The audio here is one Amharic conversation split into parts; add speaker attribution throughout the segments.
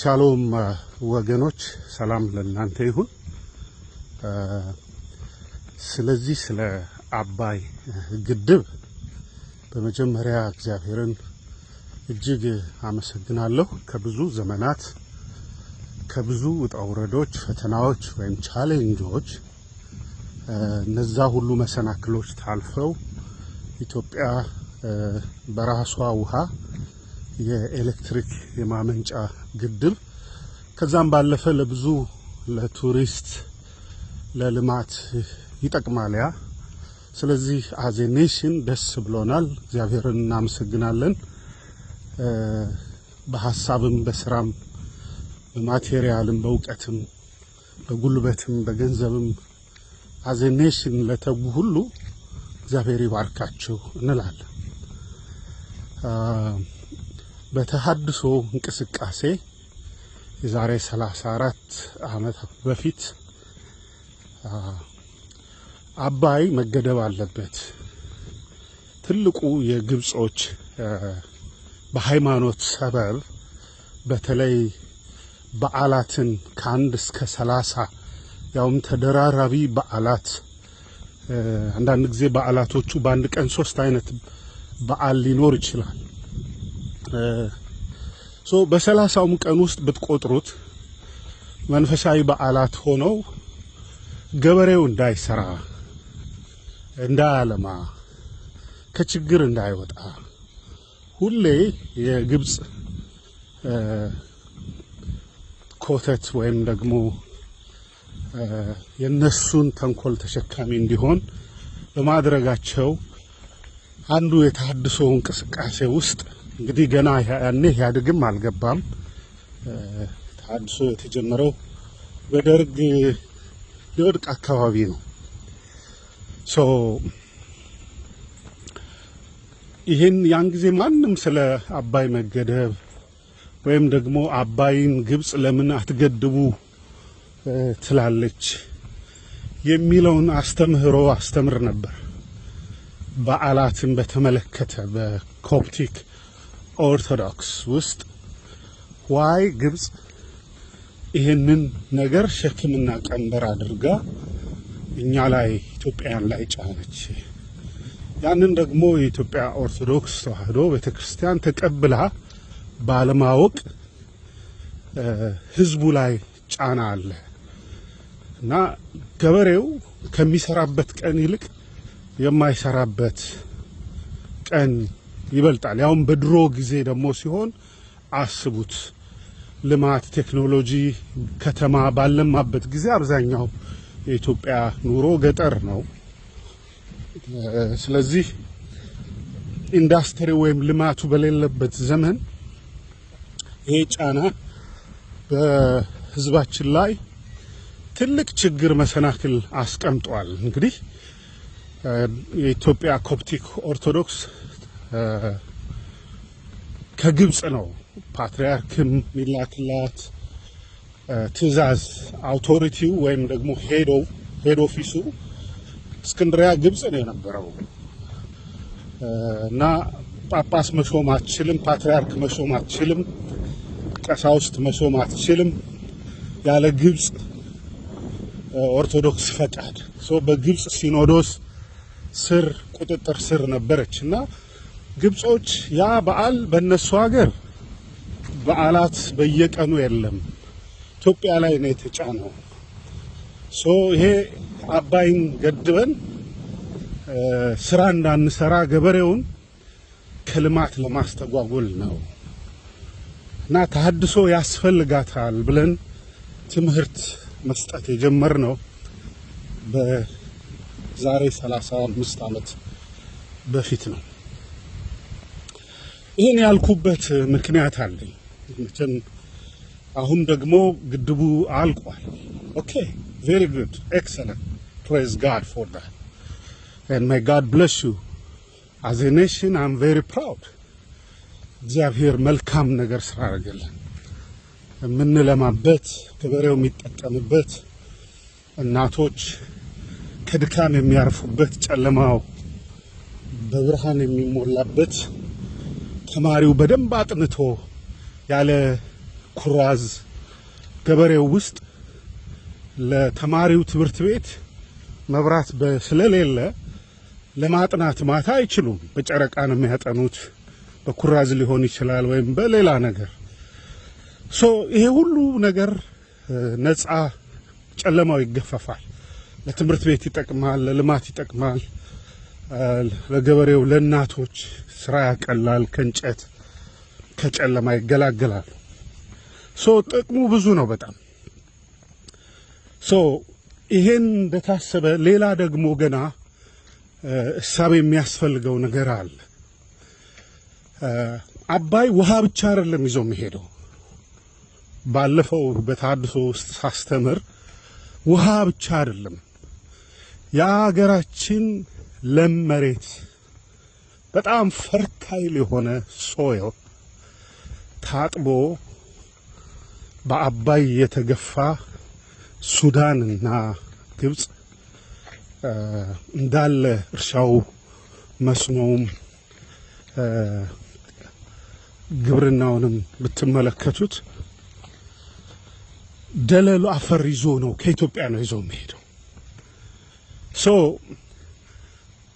Speaker 1: ሻሎም ወገኖች ሰላም ለእናንተ ይሁን። ስለዚህ ስለ አባይ ግድብ በመጀመሪያ እግዚአብሔርን እጅግ አመሰግናለሁ። ከብዙ ዘመናት ከብዙ ውጣ ውረዶች፣ ፈተናዎች ወይም ቻሌንጆች እነዛ ሁሉ መሰናክሎች ታልፈው ኢትዮጵያ በራሷ ውሃ የኤሌክትሪክ የማመንጫ ግድብ ከዛም ባለፈ ለብዙ ለቱሪስት ለልማት ይጠቅማል ያ። ስለዚህ አዜ ኔሽን ደስ ብሎናል፣ እግዚአብሔርን እናመሰግናለን። በሀሳብም በስራም በማቴሪያልም በእውቀትም በጉልበትም በገንዘብም አዜ ኔሽን ለተጉ ሁሉ እግዚአብሔር ይባርካቸው እንላለን። በተሃድሶ እንቅስቃሴ የዛሬ 34 ዓመት በፊት አባይ መገደብ አለበት ትልቁ የግብጾች በሃይማኖት ሰበብ በተለይ በዓላትን ከአንድ እስከ ሰላሳ ያውም ተደራራቢ በዓላት አንዳንድ ጊዜ በዓላቶቹ በአንድ ቀን ሶስት አይነት በዓል ሊኖር ይችላል። ሶ በሰላሳውም ቀን ውስጥ ብትቆጥሩት መንፈሳዊ በዓላት ሆነው ገበሬው እንዳይሰራ እንዳያለማ ከችግር እንዳይወጣ ሁሌ የግብፅ ኮተት ወይም ደግሞ የነሱን ተንኮል ተሸካሚ እንዲሆን በማድረጋቸው አንዱ የተሃድሶ እንቅስቃሴ ውስጥ እንግዲህ ገና ያኔ ኢህአዴግም አልገባም። ተሃድሶ የተጀመረው በደርግ ሊወድቅ አካባቢ ነው። ሶ ይህን ያን ጊዜ ማንም ስለ አባይ መገደብ ወይም ደግሞ አባይን ግብጽ ለምን አትገድቡ ትላለች የሚለውን አስተምህሮ አስተምር ነበር። በዓላትን በተመለከተ በኮፕቲክ ኦርቶዶክስ ውስጥ ዋይ ግብጽ ይህንን ነገር ሸክምና ቀንበር አድርጋ እኛ ላይ ኢትዮጵያን ላይ ጫነች። ያንን ደግሞ የኢትዮጵያ ኦርቶዶክስ ተዋህዶ ቤተክርስቲያን ተቀብላ ባለማወቅ ህዝቡ ላይ ጫና አለ እና ገበሬው ከሚሰራበት ቀን ይልቅ የማይሰራበት ቀን ይበልጣል። ያውም በድሮ ጊዜ ደግሞ ሲሆን አስቡት፣ ልማት፣ ቴክኖሎጂ፣ ከተማ ባለማበት ጊዜ አብዛኛው የኢትዮጵያ ኑሮ ገጠር ነው። ስለዚህ ኢንዱስትሪ ወይም ልማቱ በሌለበት ዘመን ይሄ ጫና በህዝባችን ላይ ትልቅ ችግር መሰናክል አስቀምጧል። እንግዲህ የኢትዮጵያ ኮፕቲክ ኦርቶዶክስ ከግብፅ ነው ፓትሪያርክም ሚላክላት ትዕዛዝ አውቶሪቲው ወይም ደግሞ ሄድ ኦፊሱ እስክንድሪያ ግብፅ ነው የነበረው እና ጳጳስ መሾም አትችልም፣ ፓትሪያርክ መሾም አትችልም፣ ቀሳውስት መሾም አትችልም ያለ ግብፅ ኦርቶዶክስ ፈቃድ በግብፅ ሲኖዶስ ስር ቁጥጥር ስር ነበረች እና ግብጾች ያ በዓል በእነሱ ሀገር በዓላት በየቀኑ የለም። ኢትዮጵያ ላይ ነው የተጫነው። ሶ ይሄ አባይን ገድበን ስራ እንዳንሰራ ገበሬውን ከልማት ለማስተጓጎል ነው እና ተሀድሶ ያስፈልጋታል ብለን ትምህርት መስጠት ነው በዛሬ 35 ዓመት በፊት ነው። ይህን ያልኩበት ምክንያት አለኝ። መቼም አሁን ደግሞ ግድቡ አልቋል። ኦኬ ቬሪ ጉድ ኤክሰለንት ፕሬዝ ጋድ ፎር ዳት ኤንድ ማይ ጋድ ብለስ ዩ አዝ ኤ ኔሽን አም ቬሪ ፕራውድ። እግዚአብሔር መልካም ነገር ስራ ስላደረገልን የምንለማበት ገበሬው የሚጠቀምበት እናቶች ከድካም የሚያርፉበት ጨለማው በብርሃን የሚሞላበት ተማሪው በደንብ አጥንቶ ያለ ኩራዝ ገበሬው ውስጥ ለተማሪው ትምህርት ቤት መብራት ስለሌለ ለማጥናት ማታ አይችሉም። በጨረቃ ነው የሚያጠኑት። በኩራዝ ሊሆን ይችላል ወይም በሌላ ነገር ሶ ይሄ ሁሉ ነገር ነጻ ጨለማው ይገፈፋል። ለትምህርት ቤት ይጠቅማል፣ ለልማት ይጠቅማል። ለገበሬው ለእናቶች ስራ ያቀላል፣ ከእንጨት ከጨለማ ይገላገላል። ሶ ጥቅሙ ብዙ ነው በጣም ሶ ይሄን እንደታሰበ ሌላ ደግሞ ገና እሳቤ የሚያስፈልገው ነገር አለ። አባይ ውሃ ብቻ አይደለም ይዞ የሚሄደው። ባለፈው በታድሶ ውስጥ ሳስተምር ውሃ ብቻ አይደለም የሀገራችን ለም መሬት በጣም ፈርታይል የሆነ ሶይል ታጥቦ በአባይ የተገፋ ሱዳን ሱዳንና ግብፅ እንዳለ እርሻው መስኖውም ግብርናውንም ብትመለከቱት ደለሉ አፈር ይዞ ነው ከኢትዮጵያ ነው ይዞ የሚሄደው።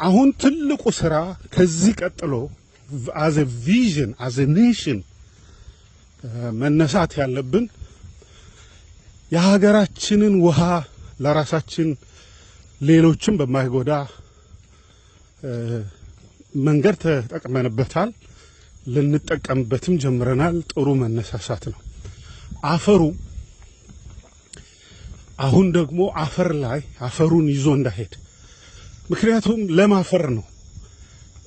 Speaker 1: አሁን ትልቁ ስራ ከዚህ ቀጥሎ አዘ ቪዥን አዘ ኔሽን መነሳት ያለብን የሀገራችንን ውሃ ለራሳችን ሌሎችን በማይጎዳ መንገድ ተጠቅመንበታል። ልንጠቀምበትም ጀምረናል። ጥሩ መነሳሳት ነው። አፈሩ አሁን ደግሞ አፈር ላይ አፈሩን ይዞ እንዳሄድ ምክንያቱም ለማፈር ነው።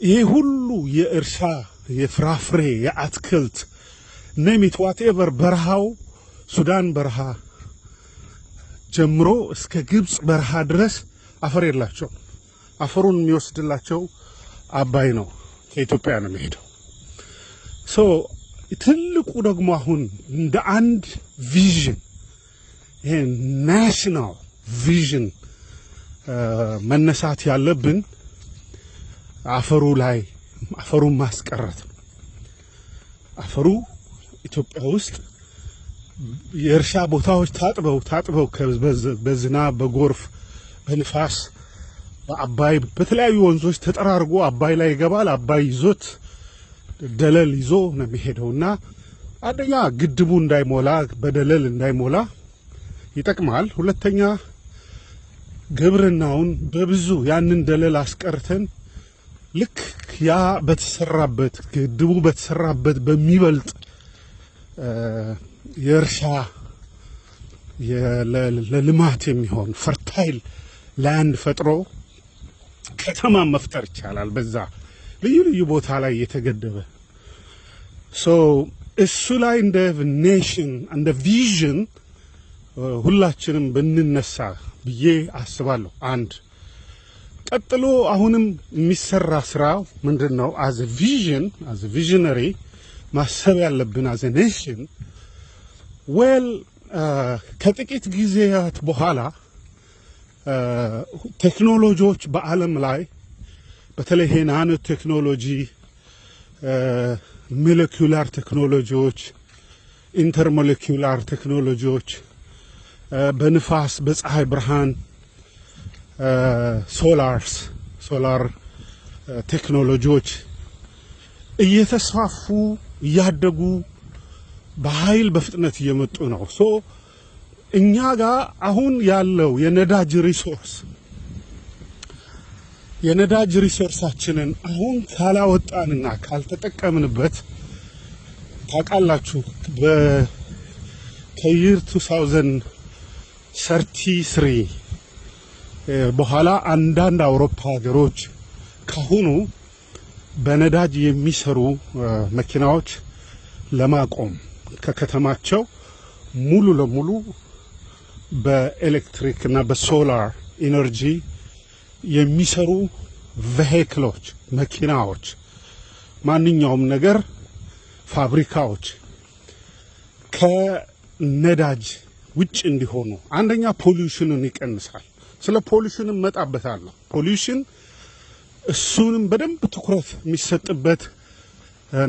Speaker 1: ይህ ሁሉ የእርሻ የፍራፍሬ የአትክልት ነሚት ዋትኤቨር በረሃው ሱዳን በረሃ ጀምሮ እስከ ግብፅ በረሃ ድረስ አፈር የላቸው። አፈሩን የሚወስድላቸው አባይ ነው። ከኢትዮጵያ ነው የሚሄደው። ሶ ትልቁ ደግሞ አሁን እንደ አንድ ቪዥን ይሄ ናሽናል ቪዥን መነሳት ያለብን አፈሩ ላይ አፈሩን ማስቀረት ነው። አፈሩ ኢትዮጵያ ውስጥ የእርሻ ቦታዎች ታጥበው ታጥበው በዝናብ በጎርፍ በንፋስ በአባይ በተለያዩ ወንዞች ተጠራርጎ አባይ ላይ ይገባል። አባይ ይዞት ደለል ይዞ ነው የሚሄደው እና አንደኛ ግድቡ እንዳይሞላ በደለል እንዳይሞላ ይጠቅማል። ሁለተኛ ግብርናውን በብዙ ያንን ደለል አስቀርተን ልክ ያ በተሰራበት ግድቡ በተሰራበት በሚበልጥ የእርሻ ለልማት የሚሆን ፈርታይል ላንድ ፈጥሮ ከተማ መፍጠር ይቻላል። በዛ ልዩ ልዩ ቦታ ላይ የተገደበ እሱ ላይ እንደ ኔሽን እንደ ቪዥን ሁላችንም ብንነሳ ብዬ አስባለሁ። አንድ ቀጥሎ አሁንም የሚሰራ ስራ ምንድን ነው? አዘ ቪዥን አዘ ቪዥነሪ ማሰብ ያለብን አዘ ኔሽን ዌል ከጥቂት ጊዜያት በኋላ uh, ቴክኖሎጂዎች በዓለም ላይ በተለይ ይሄ ናኖ ቴክኖሎጂ፣ ሞለኪላር ቴክኖሎጂዎች፣ ኢንተርሞለኪላር ቴክኖሎጂዎች በንፋስ በፀሐይ ብርሃን ሶላርስ ሶላር ቴክኖሎጂዎች እየተስፋፉ እያደጉ በኃይል በፍጥነት እየመጡ ነው። ሶ እኛ ጋር አሁን ያለው የነዳጅ ሪሶርስ የነዳጅ ሪሶርሳችንን አሁን ካላወጣንና ካልተጠቀምንበት ታውቃላችሁ በከይር 2000 ሰርቲ ስሪ በኋላ አንዳንድ አውሮፓ ሀገሮች ከሆኑ በነዳጅ የሚሰሩ መኪናዎች ለማቆም ከከተማቸው ሙሉ ለሙሉ በኤሌክትሪክ እና በሶላር ኢነርጂ የሚሰሩ ቬሄክሎች መኪናዎች፣ ማንኛውም ነገር ፋብሪካዎች ከነዳጅ ውጭ እንዲሆኑ አንደኛ ፖሊሽንን ይቀንሳል። ስለ ፖሊሽን እመጣበታለሁ። ፖሊሽን እሱንም በደንብ ትኩረት የሚሰጥበት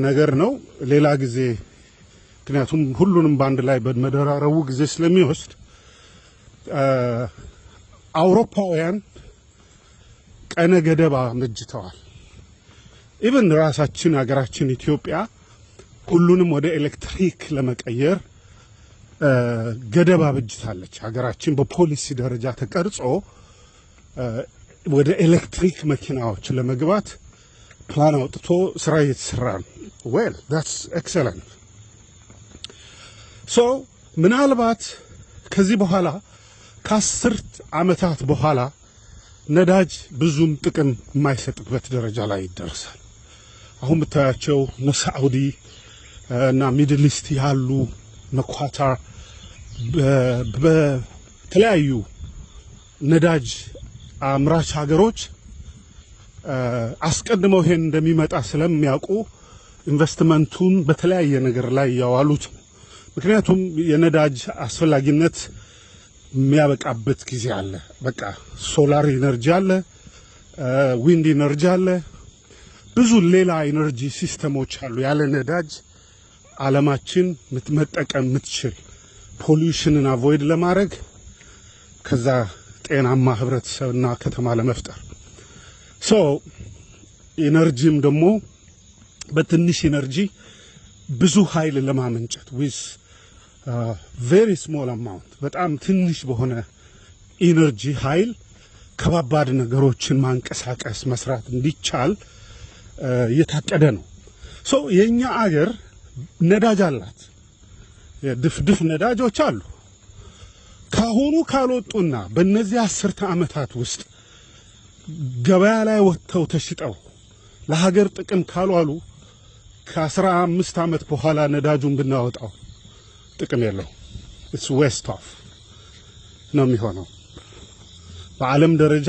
Speaker 1: ነገር ነው ሌላ ጊዜ። ምክንያቱም ሁሉንም በአንድ ላይ በመደራረቡ ጊዜ ስለሚወስድ አውሮፓውያን ቀነ ገደብ አመጅተዋል። ኢቨን ራሳችን ሀገራችን ኢትዮጵያ ሁሉንም ወደ ኤሌክትሪክ ለመቀየር ገደብ ብጅታለች ሀገራችን በፖሊሲ ደረጃ ተቀርጾ ወደ ኤሌክትሪክ መኪናዎች ለመግባት ፕላን አውጥቶ ስራ እየተሰራ ነው። ዌል ዳትስ ኤክሰለንት ሶ ምናልባት ከዚህ በኋላ ከአስርት ዓመታት በኋላ ነዳጅ ብዙም ጥቅም የማይሰጥበት ደረጃ ላይ ይደርሳል። አሁን ብታያቸው እነ ሳዑዲ እና ሚድል ኢስት ያሉ መኳታ። በተለያዩ ነዳጅ አምራች ሀገሮች አስቀድመው ይሄን እንደሚመጣ ስለሚያውቁ ኢንቨስትመንቱን በተለያየ ነገር ላይ ያዋሉት። ምክንያቱም የነዳጅ አስፈላጊነት የሚያበቃበት ጊዜ አለ። በቃ ሶላር ኢነርጂ አለ፣ ዊንድ ኢነርጂ አለ፣ ብዙ ሌላ ኢነርጂ ሲስተሞች አሉ። ያለ ነዳጅ አለማችን መጠቀም የምትችል ፖሊዩሽንን አቮይድ ለማድረግ ከዛ ጤናማ ህብረተሰብና ከተማ ለመፍጠር ሶ ኢነርጂም ደግሞ በትንሽ ኢነርጂ ብዙ ኃይል ለማመንጨት ዊዝ ቬሪ ስሞል አማውንት በጣም ትንሽ በሆነ ኢነርጂ ኃይል ከባባድ ነገሮችን ማንቀሳቀስ መስራት እንዲቻል እየታቀደ uh, ነው። ሶ የእኛ አገር ነዳጅ አላት። የድፍድፍ ነዳጆች አሉ። ካሁኑ ካልወጡና በእነዚህ አስርተ ዓመታት ውስጥ ገበያ ላይ ወጥተው ተሽጠው ለሀገር ጥቅም ካልዋሉ ከአስራ አምስት ዓመት በኋላ ነዳጁን ብናወጣው ጥቅም የለው ኢትስ ዌስት ኦፍ ነው የሚሆነው። በዓለም ደረጃ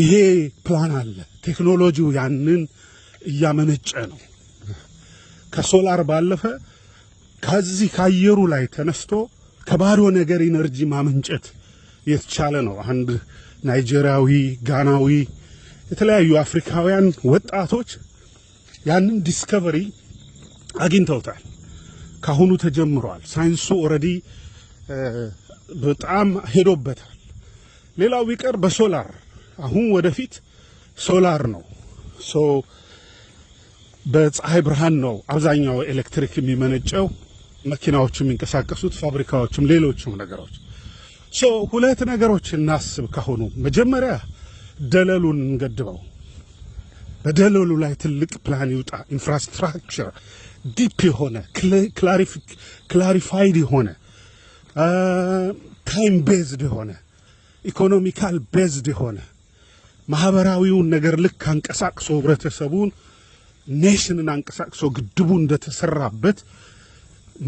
Speaker 1: ይሄ ፕላን አለ። ቴክኖሎጂው ያንን እያመነጨ ነው። ከሶላር ባለፈ ከዚህ ከአየሩ ላይ ተነስቶ ከባዶ ነገር ኢነርጂ ማመንጨት የተቻለ ነው። አንድ ናይጄሪያዊ፣ ጋናዊ፣ የተለያዩ አፍሪካውያን ወጣቶች ያንን ዲስከቨሪ አግኝተውታል። ካሁኑ ተጀምሯል ሳይንሱ ኦልሬዲ በጣም ሄዶበታል። ሌላው ቢቀር በሶላር አሁን ወደፊት ሶላር ነው። ሶ በፀሐይ ብርሃን ነው አብዛኛው ኤሌክትሪክ የሚመነጨው። መኪናዎች የሚንቀሳቀሱት ፋብሪካዎችም፣ ሌሎችም ነገሮች። ሁለት ነገሮች እናስብ ከሆኑ መጀመሪያ ደለሉን እንገድበው። በደለሉ ላይ ትልቅ ፕላን ይውጣ። ኢንፍራስትራክቸር ዲፕ የሆነ ክላሪፋይድ የሆነ ታይም ቤዝድ የሆነ ኢኮኖሚካል ቤዝድ የሆነ ማህበራዊውን ነገር ልክ አንቀሳቅሶ ህብረተሰቡን ኔሽንን አንቀሳቅሶ ግድቡ እንደተሰራበት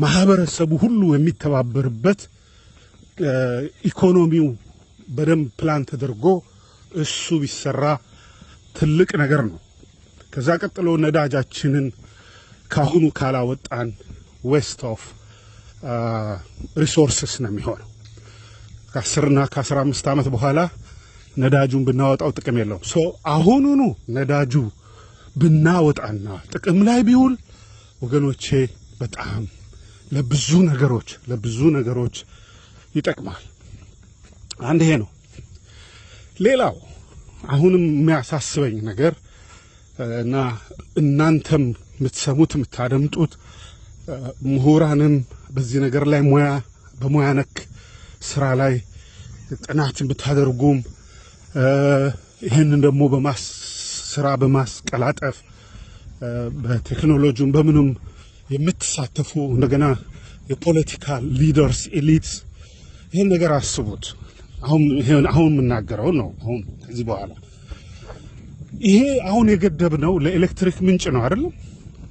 Speaker 1: ማህበረሰቡ ሁሉ የሚተባበርበት ኢኮኖሚው በደንብ ፕላን ተደርጎ እሱ ቢሰራ ትልቅ ነገር ነው። ከዛ ቀጥሎ ነዳጃችንን ካሁኑ ካላወጣን ዌስት ኦፍ ሪሶርስስ ነው የሚሆነው። ከአስርና ከአስራ አምስት ዓመት በኋላ ነዳጁን ብናወጣው ጥቅም የለውም። ሶ አሁኑኑ ነዳጁ ብናወጣና ጥቅም ላይ ቢውል ወገኖቼ በጣም ለብዙ ነገሮች ለብዙ ነገሮች ይጠቅማል። አንድ ይሄ ነው። ሌላው አሁንም የሚያሳስበኝ ነገር እና እናንተም የምትሰሙት የምታደምጡት ምሁራንም በዚህ ነገር ላይ ሙያ በሙያ ነክ ስራ ላይ ጥናት ብታደርጉም ይህንን ደግሞ በማስ ስራ በማስቀላጠፍ በቴክኖሎጂም በምንም የምትሳተፉ እንደገና የፖለቲካ ሊደርስ ኤሊት ይህን ነገር አስቡት። አሁን የምናገረው ነው። አሁን ከዚህ በኋላ ይሄ አሁን የገደብ ነው ለኤሌክትሪክ ምንጭ ነው አይደለም።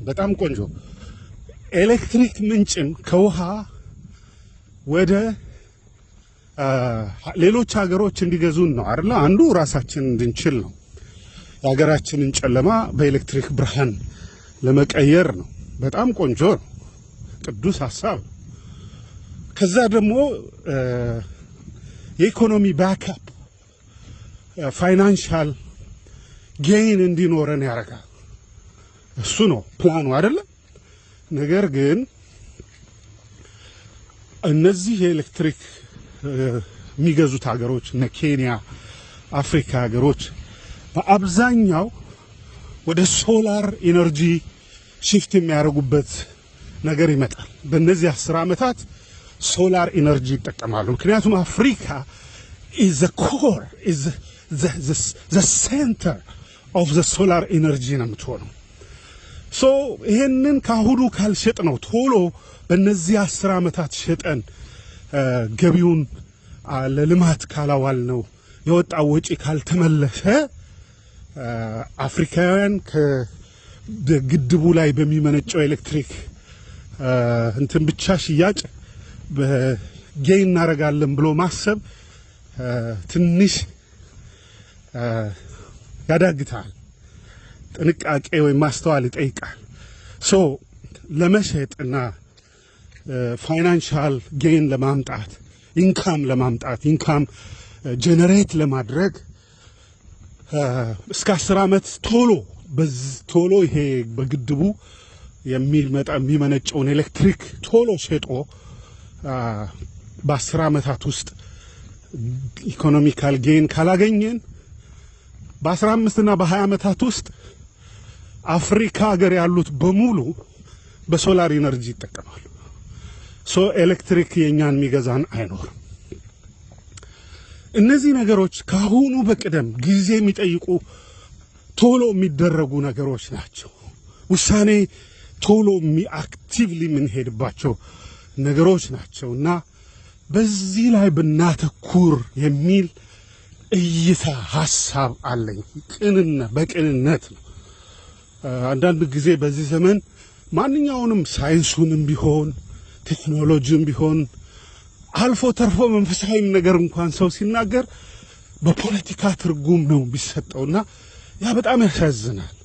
Speaker 1: በጣም ቆንጆ ኤሌክትሪክ ምንጭን ከውሃ ወደ ሌሎች ሀገሮች እንዲገዙን ነው አይደለ? አንዱ ራሳችን እንድንችል ነው። የሀገራችንን ጨለማ በኤሌክትሪክ ብርሃን ለመቀየር ነው። በጣም ቆንጆ ነው፣ ቅዱስ ሀሳብ። ከዛ ደግሞ የኢኮኖሚ ባካፕ ፋይናንሻል ጌይን እንዲኖረን ያደርጋል። እሱ ነው ፕላኑ አይደለም። ነገር ግን እነዚህ የኤሌክትሪክ የሚገዙት ሀገሮች እነ ኬንያ፣ አፍሪካ ሀገሮች በአብዛኛው ወደ ሶላር ኢነርጂ ሽፍት የሚያደርጉበት ነገር ይመጣል። በእነዚህ አስር ዓመታት ሶላር ኢነርጂ ይጠቀማሉ። ምክንያቱም አፍሪካ ኢዘ ኮር ዘ ሴንተር ኦፍ ዘ ሶላር ኢነርጂ ነው የምትሆነው። ሶ ይሄንን ከአሁኑ ካልሸጥ ነው ቶሎ በእነዚህ አስር ዓመታት ሸጠን ገቢውን ለልማት ካላዋል ነው የወጣ ወጪ ካልተመለሰ አፍሪካውያን በግድቡ ላይ በሚመነጨው ኤሌክትሪክ እንትን ብቻ ሽያጭ ጌይ እናደርጋለን ብሎ ማሰብ ትንሽ ያዳግታል። ጥንቃቄ ወይም ማስተዋል ይጠይቃል። ሶ ለመሸጥ እና ፋይናንሻል ጌን ለማምጣት ኢንካም ለማምጣት ኢንካም ጀነሬት ለማድረግ እስከ አስር ዓመት ቶሎ ቶሎ ይሄ በግድቡ የሚመጣ የሚመነጨውን ኤሌክትሪክ ቶሎ ሸጦ በአስር ዓመታት ውስጥ ኢኮኖሚካል ጌን ካላገኘን በአስራ አምስትና በሀያ ዓመታት ውስጥ አፍሪካ ሀገር ያሉት በሙሉ በሶላር ኢነርጂ ይጠቀማሉ። ሶ ኤሌክትሪክ የእኛን የሚገዛን አይኖርም። እነዚህ ነገሮች ከአሁኑ በቅደም ጊዜ የሚጠይቁ ቶሎ የሚደረጉ ነገሮች ናቸው። ውሳኔ ቶሎ አክቲቭሊ የምንሄድባቸው ነገሮች ናቸው እና በዚህ ላይ ብናተኩር የሚል እይታ ሀሳብ አለኝ። ቅንና በቅንነት ነው። አንዳንድ ጊዜ በዚህ ዘመን ማንኛውንም ሳይንሱንም ቢሆን ቴክኖሎጂም ቢሆን አልፎ ተርፎ መንፈሳዊም ነገር እንኳን ሰው ሲናገር በፖለቲካ ትርጉም ነው የሚሰጠውና ያ በጣም ያሳዝናል።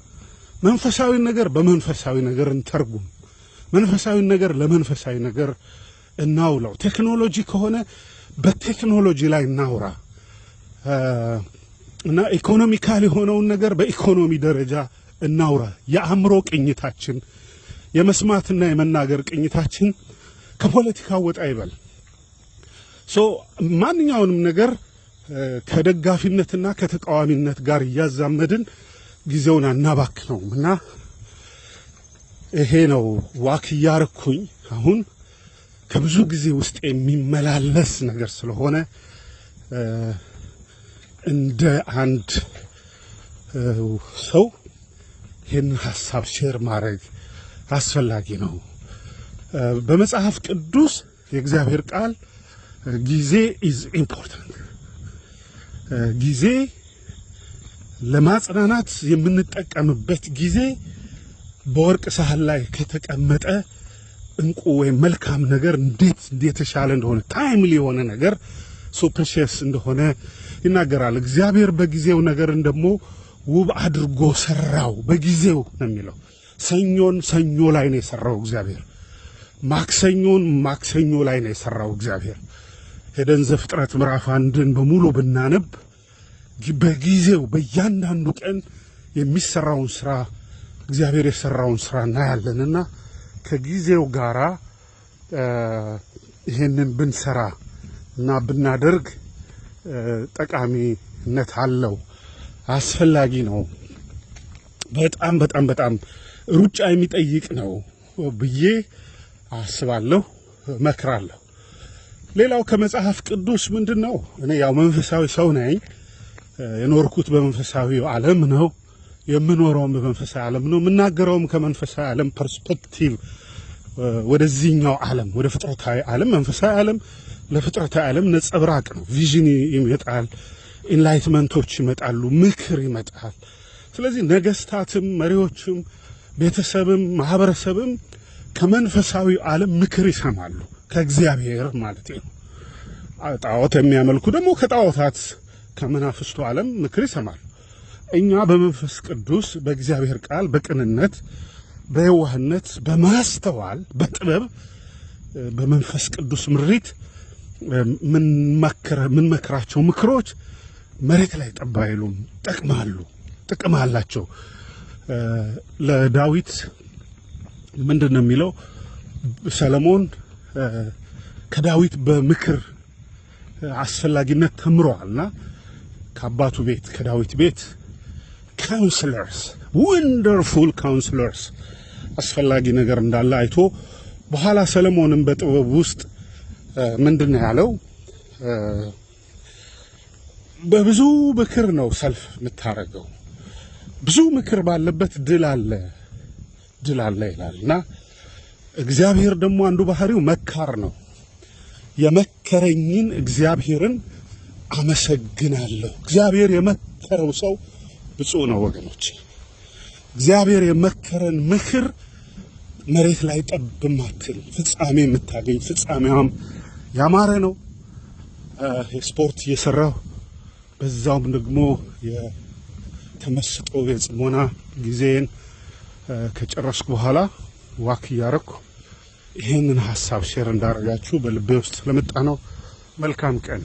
Speaker 1: መንፈሳዊ ነገር በመንፈሳዊ ነገር እንተርጉም። መንፈሳዊ ነገር ለመንፈሳዊ ነገር እናውለው። ቴክኖሎጂ ከሆነ በቴክኖሎጂ ላይ እናውራ እና ኢኮኖሚካል የሆነውን ነገር በኢኮኖሚ ደረጃ እናውራ። የአእምሮ ቅኝታችን የመስማትና የመናገር ቅኝታችን ከፖለቲካው ወጣ ይበል። ሶ ማንኛውንም ነገር ከደጋፊነትና ከተቃዋሚነት ጋር እያዛመድን ጊዜውን አናባክ ነው እና ይሄ ነው ዋክ እያረኩኝ አሁን ከብዙ ጊዜ ውስጥ የሚመላለስ ነገር ስለሆነ እንደ አንድ ሰው ይህንን ሀሳብ ሼር ማድረግ አስፈላጊ ነው። በመጽሐፍ ቅዱስ የእግዚአብሔር ቃል ጊዜ ኢዝ ኢምፖርታንት ጊዜ ለማጽናናት የምንጠቀምበት ጊዜ በወርቅ ሳህን ላይ ከተቀመጠ እንቁ ወይም መልካም ነገር እንዴት የተሻለ እንደሆነ ታይምሊ የሆነ ነገር ሶ እንደሆነ ይናገራል። እግዚአብሔር በጊዜው ነገርን ደግሞ ውብ አድርጎ ሰራው። በጊዜው ነው የሚለው። ሰኞን ሰኞ ላይ ነው የሰራው እግዚአብሔር። ማክሰኞን ማክሰኞ ላይ ነው የሰራው እግዚአብሔር። ሄደን ዘፍጥረት ምዕራፍ አንድን በሙሉ ብናነብ በጊዜው በእያንዳንዱ ቀን የሚሰራውን ስራ እግዚአብሔር የሰራውን ስራ እናያለንና ከጊዜው ጋራ ይሄንን ብንሰራ እና ብናደርግ ጠቃሚነት አለው፣ አስፈላጊ ነው። በጣም በጣም በጣም ሩጫ የሚጠይቅ ነው ብዬ አስባለሁ፣ እመክራለሁ። ሌላው ከመጽሐፍ ቅዱስ ምንድን ነው? እኔ ያው መንፈሳዊ ሰው ነኝ። የኖርኩት በመንፈሳዊ ዓለም ነው የምኖረውም በመንፈሳዊ ዓለም ነው የምናገረውም ከመንፈሳዊ ዓለም ፐርስፔክቲቭ ወደዚህኛው ዓለም ወደ ፍጥረታዊ ዓለም መንፈሳዊ ዓለም ለፍጥረታዊ ዓለም ነጸብራቅ ነው። ቪዥን ይመጣል፣ ኢንላይትመንቶች ይመጣሉ፣ ምክር ይመጣል። ስለዚህ ነገስታትም፣ መሪዎችም፣ ቤተሰብም ማህበረሰብም ከመንፈሳዊ ዓለም ምክር ይሰማሉ። ከእግዚአብሔር ማለት ነው። ጣዖት የሚያመልኩ ደግሞ ከጣዖታት ከመናፍስቱ ዓለም ምክር ይሰማል። እኛ በመንፈስ ቅዱስ በእግዚአብሔር ቃል በቅንነት በየዋህነት በማስተዋል በጥበብ በመንፈስ ቅዱስ ምሪት ምንመክራቸው ምክሮች መሬት ላይ ጠብ አይሉም፣ ጠቅማሉ፣ ጥቅም አላቸው። ለዳዊት ምንድን ነው የሚለው ሰለሞን ከዳዊት በምክር አስፈላጊነት ተምሯልና ከአባቱ ቤት ከዳዊት ቤት ካውንስለርስ ወንደርፉል ካውንስለርስ አስፈላጊ ነገር እንዳለ አይቶ በኋላ ሰለሞንም በጥበብ ውስጥ ምንድን ነው ያለው? በብዙ ምክር ነው ሰልፍ የምታደርገው። ብዙ ምክር ባለበት ድል አለ ድል አለ ይላል እና እግዚአብሔር ደግሞ አንዱ ባህሪው መካር ነው። የመከረኝን እግዚአብሔርን አመሰግናለሁ። እግዚአብሔር የመከረው ሰው ብፁዕ ነው ወገኖች። እግዚአብሔር የመከረን ምክር መሬት ላይ ጠብ ማትል ፍጻሜ የምታገኝ ፍጻሜዋም ያማረ ነው። ስፖርት እየሰራሁ በዛውም ደግሞ የተመስጦ የጽሞና ጊዜን ከጨረስኩ በኋላ ዋክ እያረኩ ይህንን ሀሳብ ሼር እንዳረጋችሁ በልቤ ውስጥ ስለመጣ ነው። መልካም ቀን